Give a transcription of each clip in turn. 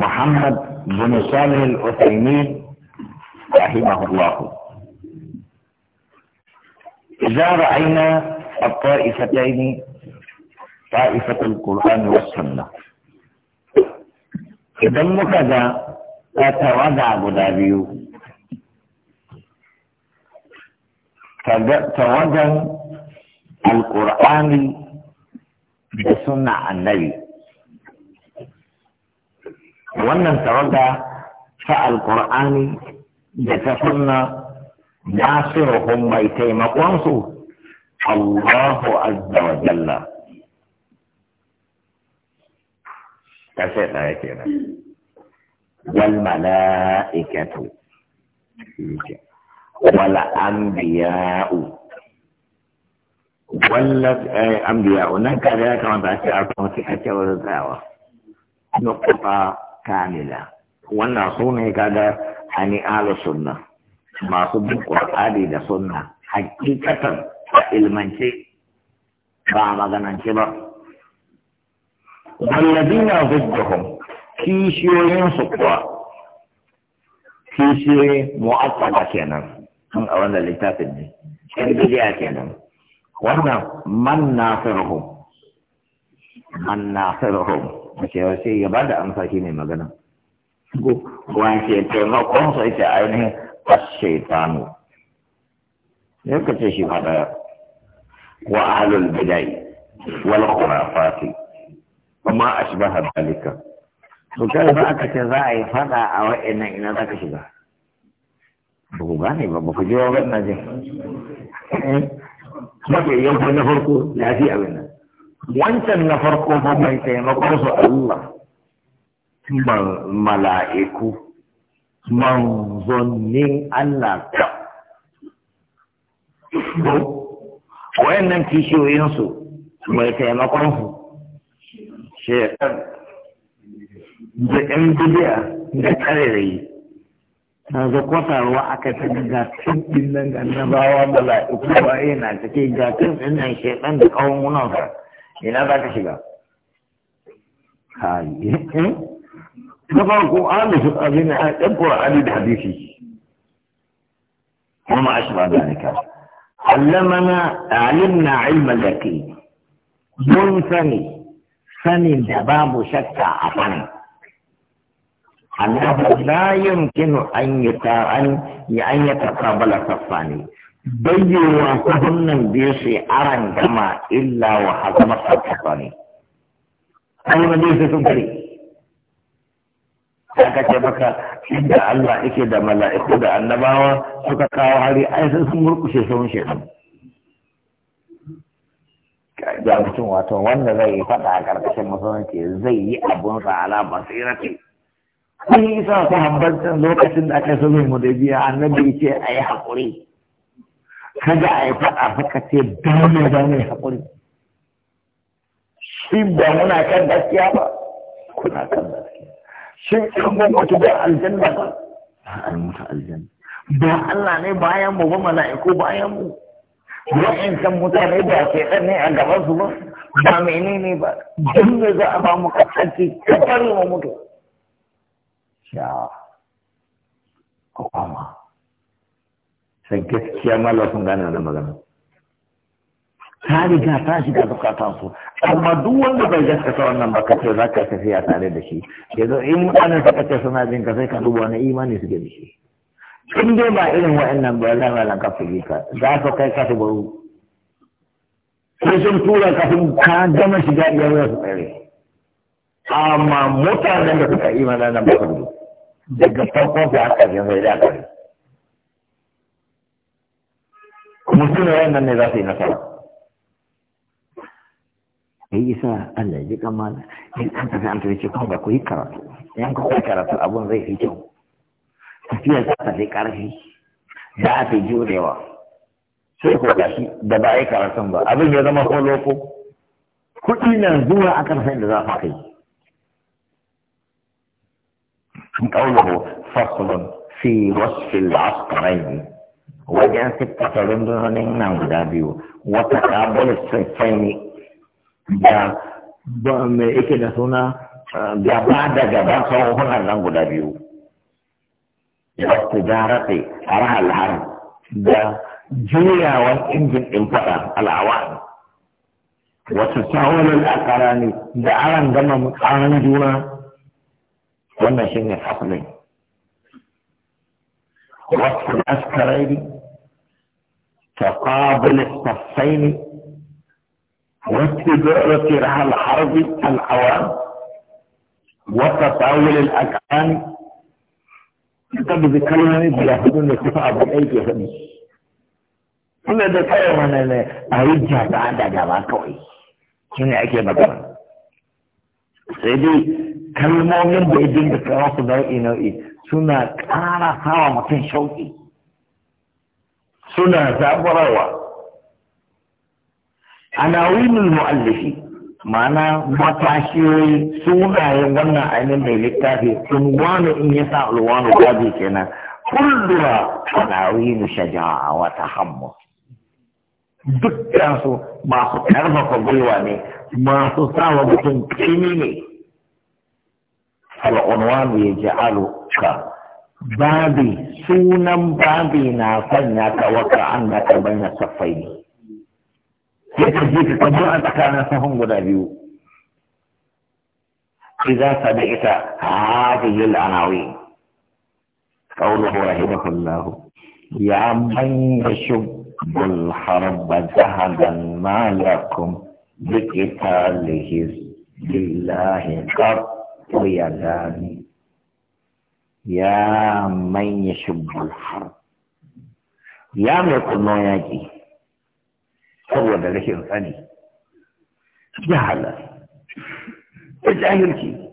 محمد بن صالح العثيمين رحمه الله إذا رأينا الطائفتين طائفة القرآن والسنة إذا مكذا أتوضع بدابيو توضع القرآن بسنة النبي wannan tawaga ta alkur'ani da ta sunna nasiruhum mai taimakonsu Allahu azza wa jalla kashe ɗaya kenan wal mala'ikatu wal anbiya'u wallar eh, anbiya'u nan kare ya kamata a ce a kuma cikakken wurin tsayawa nukuta كاملة وانا صوني كذا هني آل سنة ما صدق قرآني دا سنة حقيقة فإلمانشي فاما غنانشي با والذين ضدهم كيشيوين سقوا كيشيوين مؤطلة كينا هم اوانا لتاتي دي شربية كينا وانا من ناصرهم من ناصرهم a cewa sai ya bada amsa shi ne magana ko wance taimakon sa ita ainihin ashaitanu ne ka shi ma daya wa ahlul bidai wal khurafati kuma ashbaha dalika to kai ba aka ce za a yi fada a wa'annan ina za ka shiga ba ku gane ba ba ku ji wa wannan jin eh? mafi yanku na farko lafiya wannan wancan na farko ba mai taimakon su Allah mala'iku manzonin Allah ta wayannan kishiyoyinsu mai taimakon su shekar da ɗan duniya da karerai na zo kwatarwa aka ta ga tun ɗin nan ga nabawa mala'iku ba yana cikin ga tun ɗin nan shekar da kawon ba. ina za ka shiga kai na farko alu su abin a ɗan ƙura'ani da hadisi kuma a shi ba zalika allamana alimna ilmal yaqin mun sani sanin da babu shakka a sanin أنه لا يمكن أن أن يتقابل صفان bayyewa gwamnan da ya ce aran gama illa wa hazamar sarkafa ne abubuwan da ya sun kare aka ce maka inda Allah yake da mala'iku da annabawa suka kawo hari ai sai sun murkushe sun shekaru ga mutum wato wanda zai yi faɗa a ƙarƙashin musulunci zai yi abun sa ala basirati kun yi isa ta hambantan lokacin da aka sulhu mu da biya annabi ce a yi haƙuri kada a yi faɗa haka ce dame da mai haƙuri shi ba muna kan gaskiya ba kuna kan gaskiya shi kan mutu ba aljanna ba ba an mutu aljanna ba Allah ne bayan mu ba mala'iku bayan mu in san mutane ba ke ne a gaban su ba ba menene ba don za a ba mu kasance ka kare mu mutu ya ko kuma sai gaskiya malar sun gane wannan magana ta riga ta shiga zukatan su amma duk wanda bai gaskata wannan ba ka ce za ka tafiya tare da shi yanzu in mutanen suka ce suna jin ka sai ka duba wani imani suke da shi in dai ba irin wa'annan ba za ka ka fi ka za ka kai ka su baro sai sun tura ka sun ka gama shiga iya wuya su tsere amma mutanen da suka imana nan ba su daga farkon su haka yanzu ya da kare mutum wannan ne za su yi nasara ya yi sa Allah ya ji kamala in an tafi an tafi cikin ba ku yi karatu in ku yi karatu abun zai fi kyau tafiya za ta fi ƙarfi za a fi jurewa sai ko gashi da ba a yi karatun ba abin ya zama ko loko kuɗi na zuwa a ƙarfin da za a kai قوله فصل في وصف العسكرين wajen siffata rundunonin nan guda biyu wata kabul sassaini da mai ike da suna gaba da gaba sauhunan nan guda biyu da tijarati a har da juyawan injin ɗin faɗa al'awa wasu tsawonin akara ne da aran gama mutanen juna wannan shi ne haflin wasu askarai تقابل الصفين واتباع الطيران الحربي العوام وتطاول الاكان لقد ذكرنا ان اليهود ارتفع بالايدي انا ذكرنا ان انا اريد جهه عندها جامعه كوي شنو يعني كيف سيدي كان المؤمن بيدين بكراسه دائما سنه كان صار مكان شوقي suna zaburarwa anawinul mu'allifi ma'ana matashiyoyi sunayen wannan ainihin mai littafi sun wani in ya sa alwanu gabi kenan kulluwa anawinu shaja'a wa tahammus dukkan su masu karfafa gwiwa ne masu sawa mutum kini ne al'unwanu ya ja'alu ka babi sunan babi na sanya ka waka an da ka bayyana safai ne sai ka ji ka kamar a tsakanin sahun guda biyu إذا سمعت هذه العناوين قوله رحمه الله يا من يشب الحرب ذهبا ما لكم بقتاله بالله قد yadani يا من يشب الحرب يا من يقول ياتي هو ده لك الثاني اجعل اجعلك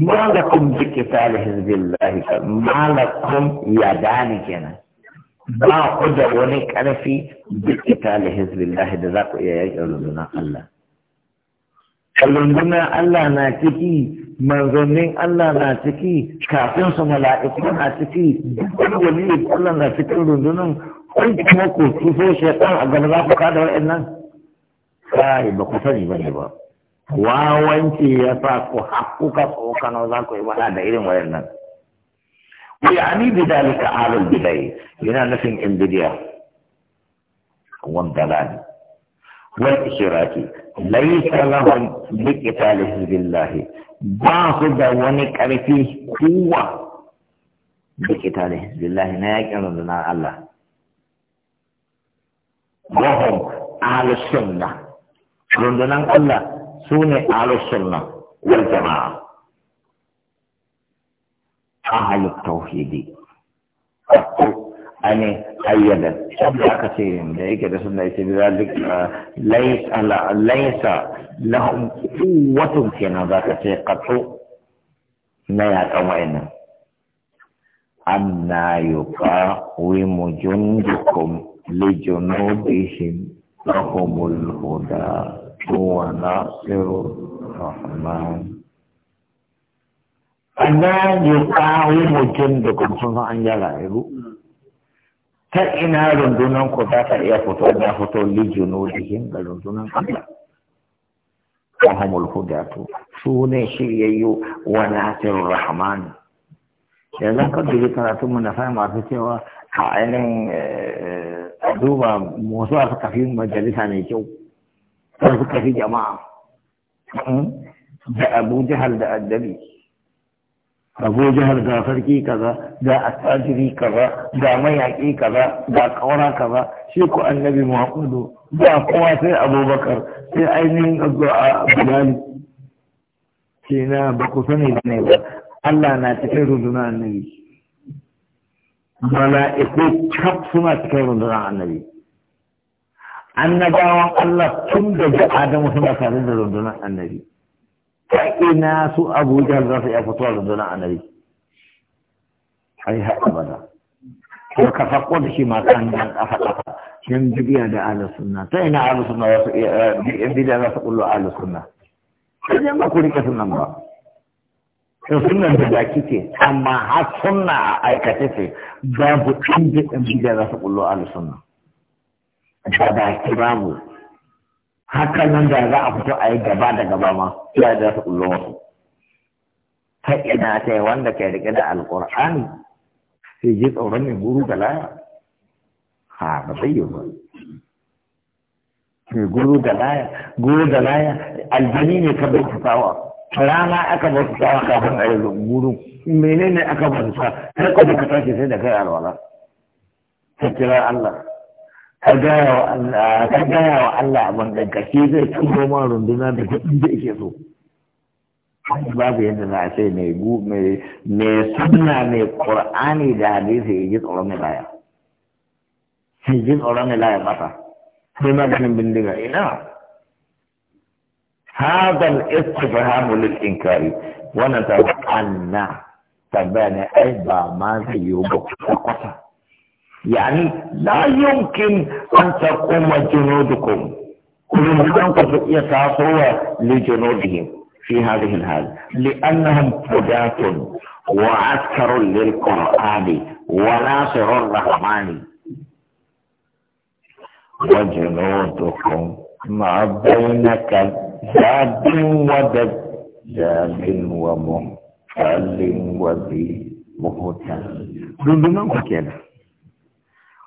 ما لكم بكفال حزب الله ما لكم يا دانك جنا ما قدر ولك انا في بكفال حزب الله ده ذاك يا الله kalunguna Allah na ciki manzannin Allah na ciki kafin su mala'iku na ciki duk wani Allah na cikin rundunan kun kuma ku tufo shaitan a gaba za ku kada wa'annan sai ba ku sani ba ne ba wawanci ya sa ku hakuka tsokano za ku yi bala da irin wa'annan ويعني بذلك yana nufin هنا نفهم Wanda والضلال والإشراك ليس لهم بقتال حزب الله باصد ونكرفي قوة بقتال حزب الله ناكن لنا الله وهم أهل السنة رندنا الله سوني أهل السنة والجماعة أهل التوحيد أني ayyada sabda aka ce da yake da sunna ita bi zalik uh, laysa laysa lahum quwwatun kenan zaka ce qatu na ya kan wayannan anna yuqa wi mujundukum li junubihim lahumul huda rahman anna yuqa wi mujundukum sun an yala ibu har ina rundunan ku za ka iya fito na fito lijino jihin ga rundunan Allah وهم الهدى سونا شيء يو ونات الرحمن يعني قد جي كنا ثم نفهم ما في سوى عين دوبا موسوعة كفين مجلسة نيجو كفين جماعة أبو جهل ده الدليل abu jihar ga sarki kaza ga asajiri kaza ga mayaƙi kaza ga ƙaura kaza shi ku annabi muhammadu ba kowa sai abubakar sai ainihin a bilali ce na ba ku sani da ne ba allah na cikin rundunar annabi iku cap suna cikin rundunar annabi annabawan allah tun da ga adamu suna tare da rundunar annabi ta ina su abuja za su iya fitowa da a annabi ai haɗa bada ko ka fakko da shi ma kan dan ƙafa kafa shin jibiya da ala sunna ta ina ala sunna za su iya bidiya za su kullu ala sunna sai ba ku rike sunnan ba to sunnan da baki ce amma har sunna a aikace ce babu inda bidiya za su kullu ala sunna da baki babu hakan nan da za a fito a yi gaba da gaba ma ya da su kullum wasu ta ina ta yi wanda kai rike da alƙur'ani sai ji tsoron ne guru da laya ha ba zai yi ba guru da laya guru da laya aljani ne ka bai fitawa rana aka bai fitawa kafin a yi guru menene aka bai fitawa sai ka tashi sai da kai alwala ta kira Allah ka gaya wa Allah abin da ka shi zai tuho ma runduna da kuɗin da yake so babu yadda za a ce mai sunna mai ƙur'ani da hadisi ya ji tsoron mai laya sai ji tsoron mai laya masa sai maganin bindiga ina هذا الاستفهام للإنكار ونتوقع أن تبان أيضا ما زيه بقصة يعني لا يمكن أن تقوم جنودكم جنودكم يتعصوا لجنودهم في هذه الحال لأنهم فداة وعسكر للقرآن وناصر الرحمن وجنودكم ما بين كذاب ودجال ومحتل وذي مهتل جنودكم كده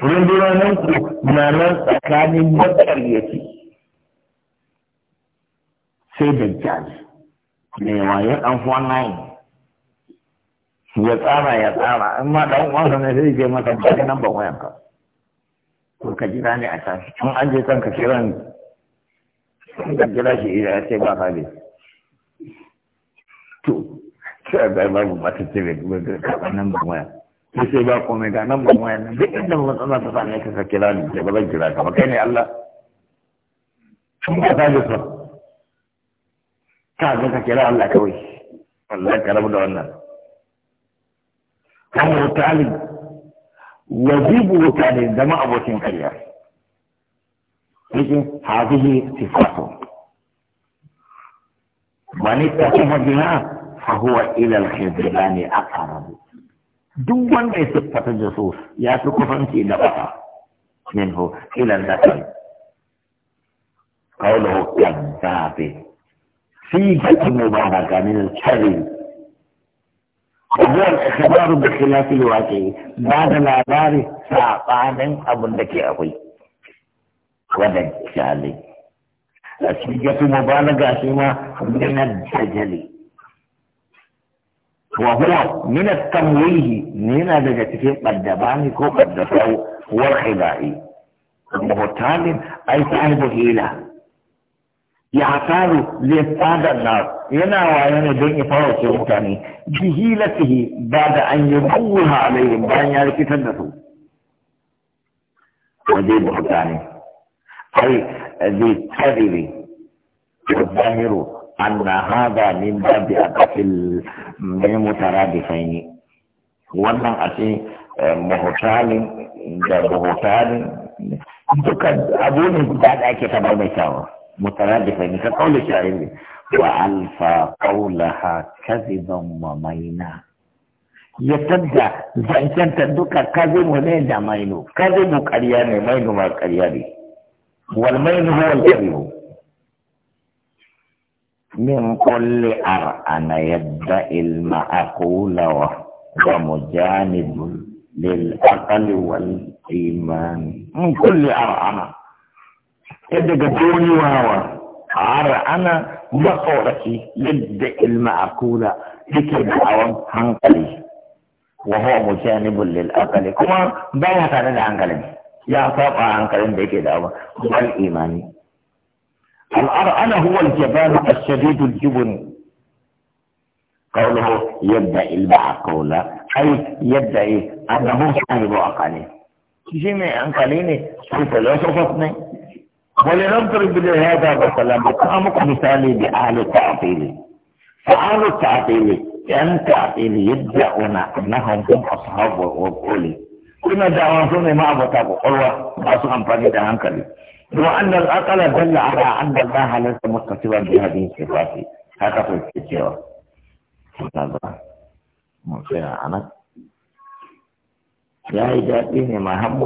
rundunonin ku na nan tsakanin matsaryaci sai da jami mai waye dan fuwan ya tsara ya tsara in ma dan ne sai ke masa nan ban ka ko ka jira ne a tashi tun an je kan ka kira ni ka jira shi ya ce ba ka to sai ce nan ban sai sai ba komai ga nan ban wayan nan duk inda matsala ta same ka ka kira ni ba zan kira ka ba kai ne Allah sun ba ta da son ka ga ka kira Allah kawai wallahi ka rabu da wannan kan wata alim wajibu wuta ne zama abokin karya yake hazihi sifatu man ittaqa biha fa huwa ila al-khizlani aqrabu duk wanda ya siffata da so ya fi kusanci da ƙasa minhu ilan zakari kaulahu kazzabe fi gati mubaraka min al-kari Abuwan ikhbaru da khilafil waƙi ba da labari saɓanin abin da ke akwai. Wadan kyale. A cikin gati mubalaga shi ma min jajale. wa huwa min yana daga cikin qaddabani ko qaddafau wal khibai muhtalin ay sahibu hila ya hataru li fada na yana waye ne don ya fara ce mutane bi hilatihi ba da an yi mawuha ya rikitar da su waje buhtani ai zai أن هذا من باب أقفل من مترادفين wannan a ce mahotalin da mahotalin duka abu ne guda da ake ta mai kyawa mutaraddifa ne ka kaula shi ne wa alfa kaulaha kaziban wa maina ya tadda zancanta duka kazibu ne da maino kazibu karya ne maino ma karya ne wal maino huwa al kazibu من كل أرأن يدعي المعقول ومجانب للعقل والإيمان من كل أرأن يبدأ قدوني وهو أنا مصورتي يدعي المعقول ذكر دعوان هنقلي وهو مجانب للعقل كما بيها تعالى هنقلي يا صاحب هنقلي ذكر دعوان والإيمان الأرأل هو الجبان الشديد الجبن قوله يدعي المعقولة أي يدعي أنه صاحب عقلي جميع عقلين سوف لا ولنضرب لهذا مثلا مقامك مثالي بأهل التعطيل فأهل التعطيل كان تعطيل يدعون أنهم هم أصحاب وقولي كنا دعوانتوني ما أبطاقوا تابو ما أصغم فاني دعان وأن الأقل دل على أن الله ليس متصفا بهذه الصفات هكذا الكتاب هذا ممكن أنا يا إذا ما هم